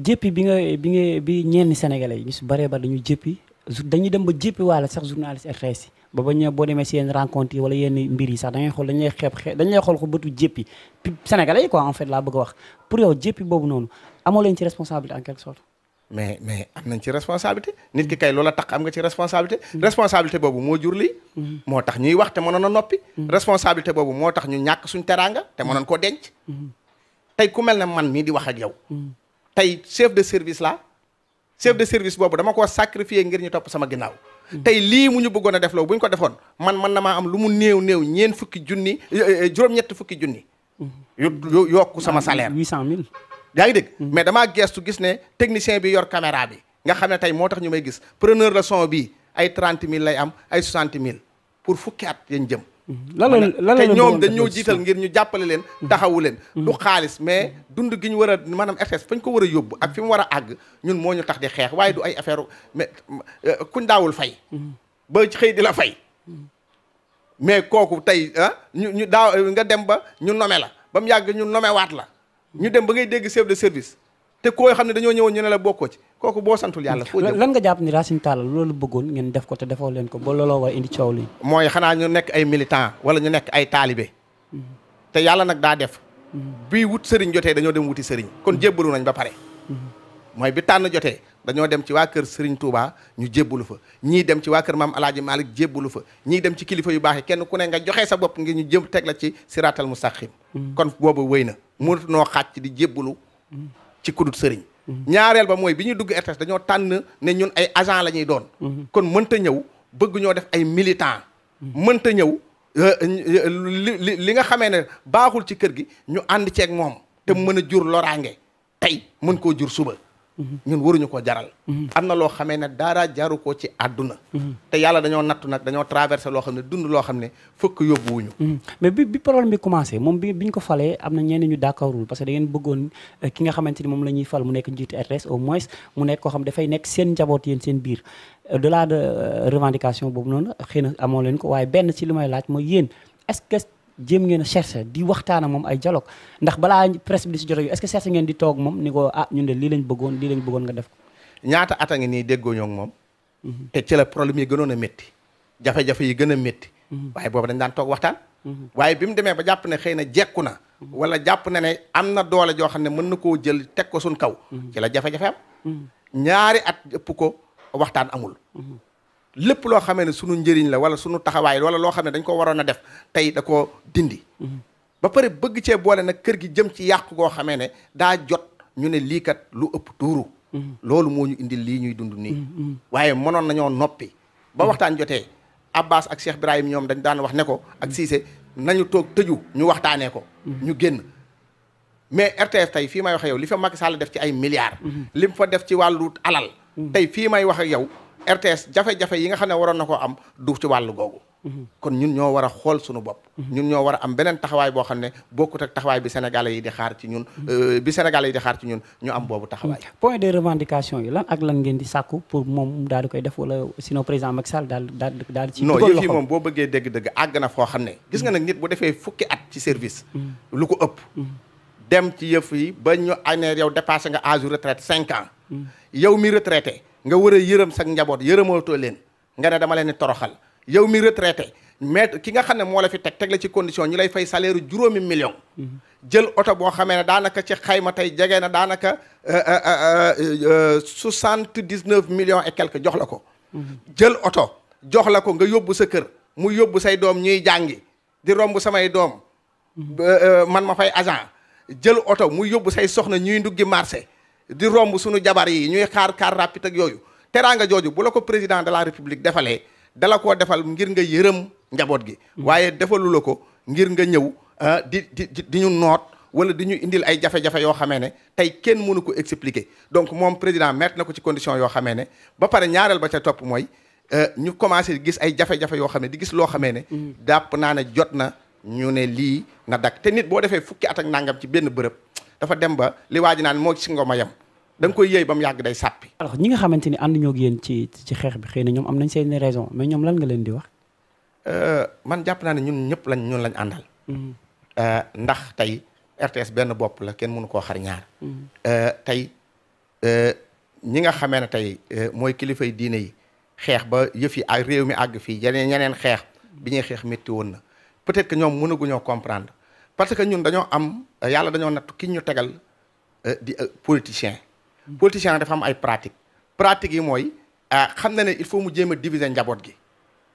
jéppi bi nga bi nga bi ñenn sénégalais yi ñu si bëree ba dañu jéppi dañuy dem ba jéppi waala sax journaliste RTS yi ba ba ñu boo demee si yenn rencontre yi wala yenn mbir yi sax da ngay xool dañu lay xeeb dañu lay xool ko bëtu jéppi sénégalais yi quoi en fait laa bëgg a wax pour yow jéppi boobu noonu amoo leen ci responsabilité en quelque sorte mais mais am nañ ci responsabilité nit ki kay loola takk am nga ci responsabilité mm-hmm. responsabilité boobu moo jur mm-hmm. moo tax ñuy wax te mënoon a noppi mm-hmm. responsabilité boobu moo tax ñu ñàkk suñ teraanga te mënoon koo denc tey ku mel ne man mii di wax ak yow tey chef de service la chef de service boobu dama ko sacrifier ngir ñu topp sama ginnaaw tey lii mu ñu bëggoon a def loo bu ñu ko defoon man man na maa am lu mu néew néew ñeen fukki junni eh, eh, eh, juróom ñetti fukki junni yu yokku sama ah, salaire huit cent mille yaa ngi dégg mm. mais damaa gestu gis ne technicien bi yor caméra bi nga xam ne tey moo tax ñu may gis preneur le son bii ay trente mille lay am ay soixante mille pour fukki at yañ jëm Mhm. lan la lan la ñoom dañ ñoo jiital ngir ñu jàppale leen daxawu mhm. leen lu mhm. xaalis mais dund gi ñu war a maanaam RTS fañ ko war a yóbbu ak fi mu war a àgg ñun moo ñu tax di xeex waaye du ay affaire mais euh, kuñ daawul fay ba xëy di la fay mais kooku tey ah, ñu ñu daaw nga dem ba ñu nome la ba mu yàgg ñu nomewaat la ñu dem ba ngay dégg chef de service te koo xam ne dañoo ñëwoon ñu ne la bokkoo ci kooku boo santul yàlla foo jëm lan nga jàpp ni Racine Talla loolu bëggoon ngeen def ko te defoo leen ko ba looloo war indi coow li mooy xanaa ñu nekk ay militant wala ñu nekk ay taalibe te yàlla nag daa def bi wut sëriñ jotee dañoo dem wuti sëriñ kon jébbalu nañ ba pare mooy bi tànn jotee dañoo dem ci waa kër sëriñ Touba ñu jébbalu fa ñii dem ci waa kër maam Alaaji Malick jébbalu fa ñii dem ci kilifa yu baax yi kenn ku ne nga joxe sa bopp ngir ñu jëm teg la ci siraatal mustaqim mm. kon boobu wéy na mënut noo xàcc di jébbalu ci kudut sëriñ ñaareel ba mooy bi ñuy dugg RTS dañoo tànn ne ñun ay agent la ñuy doon kon mënta ñëw bëgg ñoo def ay militant mënta ñëw euh, li li nga xamee ne baaxul ci kër gi ñu ànd ceeg moom te mën a jur loraange tey mën koo jur suba ñun waruñu ko jaral mm-hmm. am na loo xamee ne dara jaru ko ci àdduna mm-hmm. te yàlla dañoo nattu nag dañoo traversé loo xam ne dund loo xam ne fukk yóbbuwuñu mm-hmm. mais bi bi problème bi commencé moom bi biñ ko falee am na ñenn ñu d'accordul parce que da ngeen bëggoon euh, ki nga xamante ni moom la ñuy fal mu nekk njiitu RTS au moins mu nekk koo xam dafay nekk seen njaboot yéen seen biir euh, au-delà de euh, revendication boobu noonu xëy na amoo leen ko waaye benn ci lu may laaj mooy yéen jéem ngeen a di waxtaan ak moom ay dialogue ndax balaa presse bi di si jot est-ce que ngeen di toog moom ni ko ah ñun de lii lañ bëggoon lii lañ bëggoon nga def ko. ñaata at a ngi nii déggoo ñoo moom. Mhm. te problème yi gënoon a métti. jafe-jafe yi gën a métti. Mhm. waaye boobu dañ daan toog waxtaan. Mhm. waaye bi mu demee ba jàpp ne xëy na jekku na. wala jàpp na ne am na doole joo xam ne mën na koo jël teg ko suñ kaw. ci la jafe-jafe am. ñaari at ëpp ko waxtaan amul. lépp loo xamee ne sunu njëriñ la wala sunu taxawaay wala loo xam ne dañ ko waroon a def tey da koo dindi ba pare bëgg cee boole nag kër gi jëm ci yàqu goo xamee ne daa jot ñu ne lii kat lu ëpp tuuru loolu moo ñu indil lii ñuy dund nii waaye mënoon nañoo noppi ba waxtaan jotee Abbas ak Cheikh Ibrahim ñoom dañ daan wax ne ko ak Cissé nañu toog tëju ñu waxtaanee ko ñu génn mais RTS tey fii may wax yow li fa Macky Sall def ci ay milliards. Mm-hmm. lim fa def ci wàllu alal mm-hmm. tey fii may wax yow RTS jafe-jafe yi nga xam ne waroon na ko am du ci wàllu googu. Mhm. kon ñun ñoo war a xool suñu bopp. Mhm. ñun ñoo war a am beneen taxawaay boo xam ne bokkut ak taxawaay bi Sénégalais yi di xaar ci ñun. Mhm. Euh, bi xaar ci ñun ñu am boobu taxawaay. point de revendication yi lan ak lan ngeen di sàkku pour moom daal di koy def wala sinon président Macky Sall daal daal daal ci. non yëf yi moom boo bëggee dégg-dëgg àgg na foo xam ne. gis nga nag nit bu defee fukki at ci service. lu ko ëpp. dem ci yëf yi ba ñu année yow dépassé nga âge retraite cinq ans. yow mi retraité. nga war a yërëm sag njaboot yërëmootoo leen nga ne dama leen di toroxal yow mi retraité mais ki nga xam ne moo la fi teg teg la ci condition ñu lay fay salaire juróomi million mm-hmm. jël oto boo xamee ne daanaka ci xayma tey jege na daanaka euh, euh, euh, soixante dix neuf million et quelque jox la ko mm-hmm. jël oto jox la ko nga yóbbu sa kër mu yóbbu say doom ñuy jàngi di romb samay doom mm-hmm. man ma fay agent jël oto mu yóbbu say soxna ñuy nduggi marché di romb suñu jabar yi ñuy xaar car rapide ak yooyu teraanga jooju bu la ko président de la république defalee dala koo defal ngir nga yërëm njaboot gi mm. waaye defalu la ko ngir nga ñëw ah, di di di ñu noot wala di ñu indil ay jafe-jafe yoo xamee ne tey kenn mënu ko explique donc moom président mettre na ko ci condition yoo xamee ne ba pare ñaareel ba ca topp mooy ah, ñu commencé gis ay jafe-jafe yoo xam ne di gis loo xamee ne mm. dàpp naa ne jot na ñu ne lii na dakk te nit boo defee fukki at ak nangam ci benn bërëb dafa dem ba li waa naan moo si nga da koy yëy ba mu yàgg day sàppi. alors ñi nga xamante ni ànd ñoo ci ci xeex bi xëy na ñoom am nañ seen raison mais ñoom lan nga leen di euh, man jàpp naa ne ñun ñëpp lañ ñun lañ àndal. Mm-hmm. Euh, ndax tey RTS benn bopp la kenn mënu koo xar ñaar. Mm-hmm. Euh, tey ñi nga xamee ne tey mooy kilifay diine yi xeex ba yëf yi réew mi àgg fii yeneen ñeneen xeex bi ñuy xeex métti woon na peut-être que ñoom mënaguñoo comprendre parce que ñun dañoo am yàlla dañoo natt ki ñu tegal di politicien. Mm-hmm. politicien dafa am ay pratique pratique yi mooy ah, xam na ne il faut mu jéem a diviser njaboot gi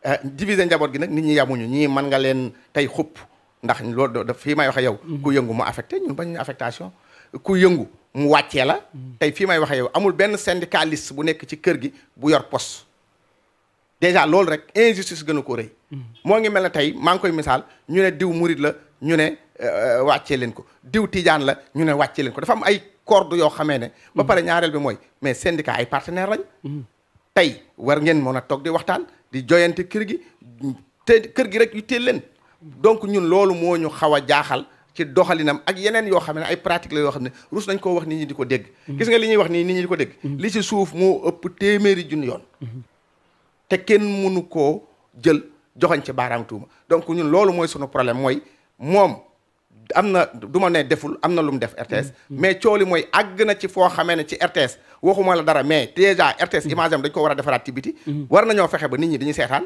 ah, diviser njaboot gi nag nit ñi yamuñu ñii mën nga leen tey xupp ndax loolu da fii may waxe yow mm-hmm. ku yëngu mu affecté ñun bañ affectation ku yëngu mu wàccee la mm-hmm. tey fii may waxe yow amul benn syndicaliste bu nekk ci kër gi bu yor poste déjà loolu rek injustice gën ko rëy moo ngi mel ne tey maa ngi koy misaal ñu ne diw murit la ñu ne euh, euh, wàccee leen ko diw tijaan la ñu ne wàccee ko dafa am ay corde yoo xamee ne ba mhm. pare ñaareel bi mooy mais syndicat ay partenaire lañ mhm. tey war ngeen mën a toog di waxtaan di joyante kër gi te kër gi rek yu teel leen donc ñun loolu moo ñu xaw a jaaxal ci doxalinam ak yeneen yoo xam ne ay pratique la yoo xam ne rus nañ koo wax nit ñi di ko dégg mhm. gis nga li ñuy wax nii nit ñi di ko dégg li ci suuf moo ëpp téeméeri junni yoon kenn mënu koo jël joxoñ ci baaraam donc ñun loolu mooy sunu problème mooy moom am na du ma ne deful am na lu mu def RTS mm-hmm. mais cooli mooy àgg na ci foo xamee ne ci RTS waxuma la dara mais déjà RTS mm-hmm. image am dañ ko war a defaraat ci mm-hmm. war nañoo fexe ba nit ñi dañuy seetaan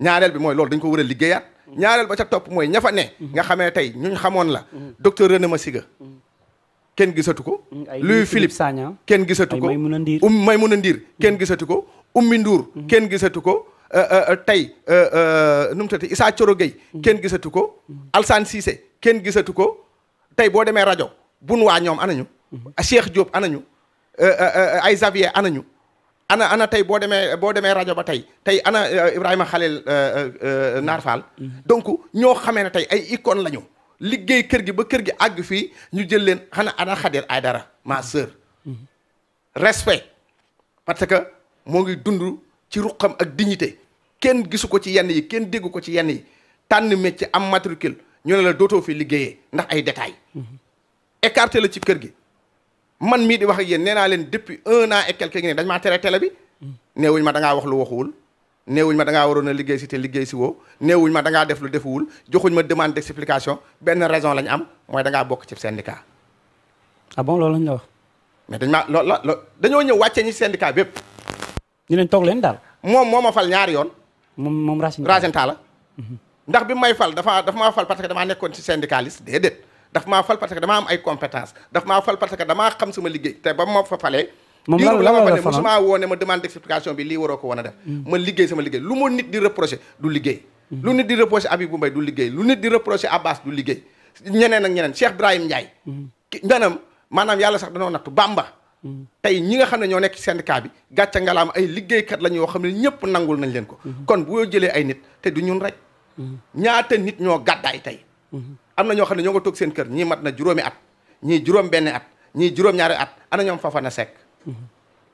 ñaareel bi mooy lool dañ ko war a liggéeyaat ñaareel ba ca topp mooy ña fa ne nga xamee tey ñuñ xamoon la docteur ma siga kenn gisatu ko Louis Philippe Sagna kenn gisatu ko um Maïmouna Ndir kenn gisatu ko ummi nduur kenn gisatu ko euh, euh, euh, tey nu mu tati Issa Thioro Gueye kenn gisatu ko Alsane Cissé kenn gisatu ko tey boo demee rajo bun waa ñoom anañu mhm. Cheikh Diop anañu euh, euh, euh, ay Xavier anañu ana ana tey boo demee boo demee rajo ba tey tey ana Ibrahima Khalil Naar Fall mhm. donc ñoo xamee ne tey ay icône lañu liggéey kër gi ba kër gi àgg fii ñu jël leen xanaa ana Xadir Aydara ma mhm. sœur respect parce que moo ngi dund ci ruqam ak dignité kenn gisu ko ci yenn yi kenn déggu ko ci yenn yi tànn métier am matricule ñu ne la dootoo fi liggéeyee ndax ay détails écarté la ci kër gi man mii di wax ak yéen nee naa leen depuis un an et quelques ngi dañ maa tere télé bi neewuñ ma da wax lu waxuwul neewuñ ma da waroon a liggéey si te liggéey si woo neewuñ ma da def lu defuwul joxuñ ma demande d'explication benn raison lañ am mooy da bokk ci syndicat. ah bon loolu lañ la wax. mais dañ maa lo loo dañoo ñëw wàccee ñi syndicat bépp. ñu leen toog lañ daal. moom moo ma fal ñaari yoon. moom moom Racine Talla ndax bi may fal dafa dafa maa fal parce que damaa nekkoon ci syndicaliste déedéet dafa maa fal parce que damaa am ay compétence dafa maa fal parce que damaa xam sama liggéey te ba ma fa falee moom la la ma fa ma demande d'explication bi lii waroo ko woon a def mm. ma liggéey sama liggéey lu ma nit di reproché du liggéey mm. lu nit di reproché Abibou Mbaye du liggéey lu nit di reproché Abbas du liggéey ñeneen ak ñeneen Cheikh Ibrahim Ndiaye maanaam mm. maanaam yàlla sax danoo nattu Bamba tey ñi nga xam ne ñoo nekk ci syndicat bi gàcce ngalaam ay liggéeykat la ñu xam ne ñëpp nangul nañ leen ko mm-hmm. kon boo jëlee ay nit te du ñun rek ñaata nit ñoo gàddaay tey am na ñoo xam ne ñoo nga toog seen kër ñii mat na juróomi at ñii juróom benn at ñii juróom-ñaari at ana ñoom fafa na sekk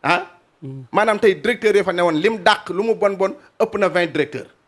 ah mm-hmm. maanaam tey directeur yi fa newoon lim dàq lu mu bon bon ëpp na vingt directeur